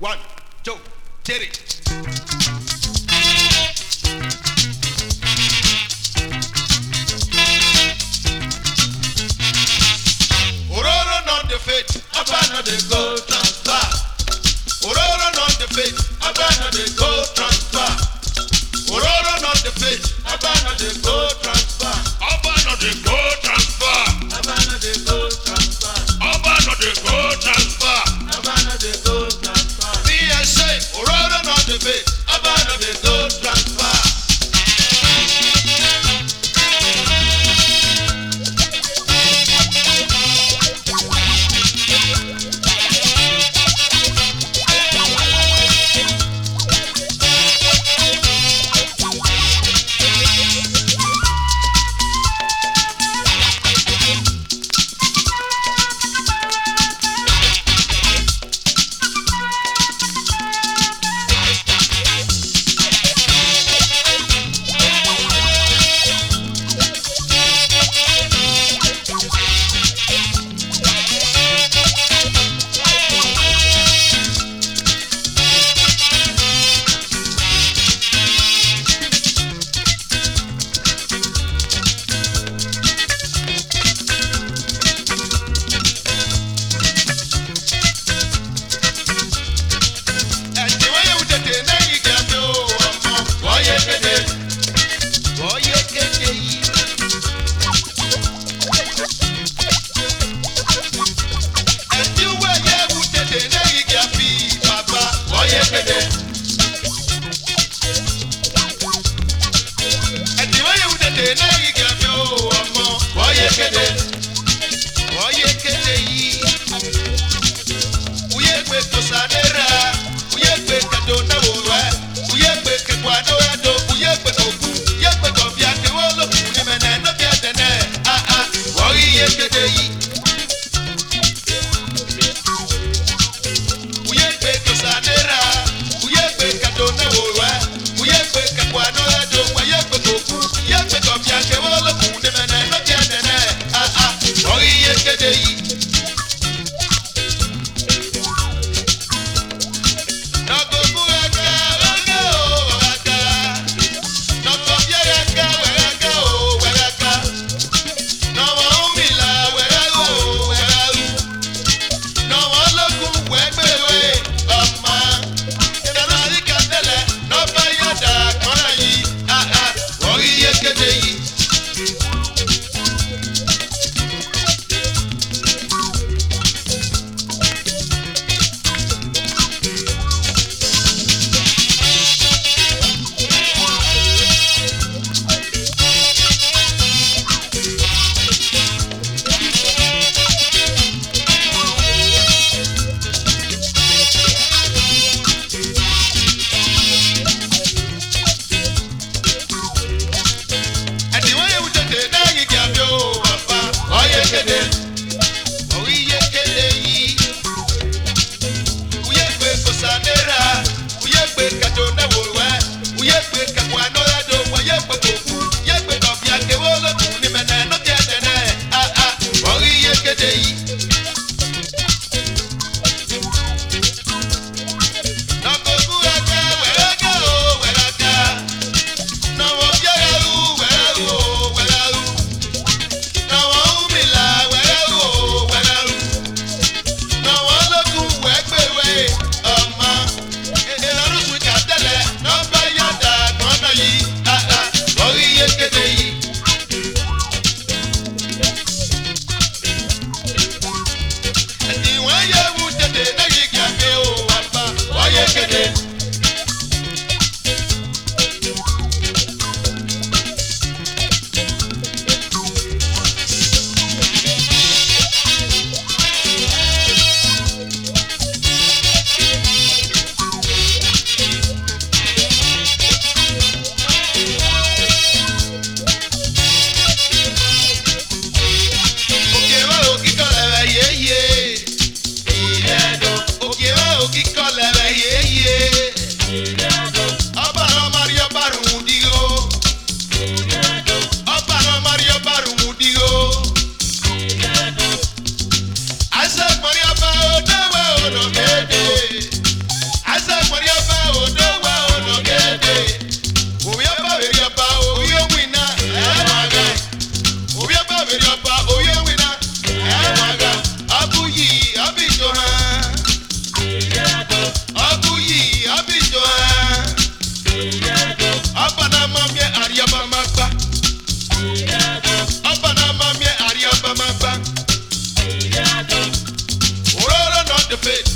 One, two, three. two, get it. faith, Abana no gold transfer. Ororo not the faith, Abana no gold transfer. Ororo not the faith, Abana no gold. the bitch.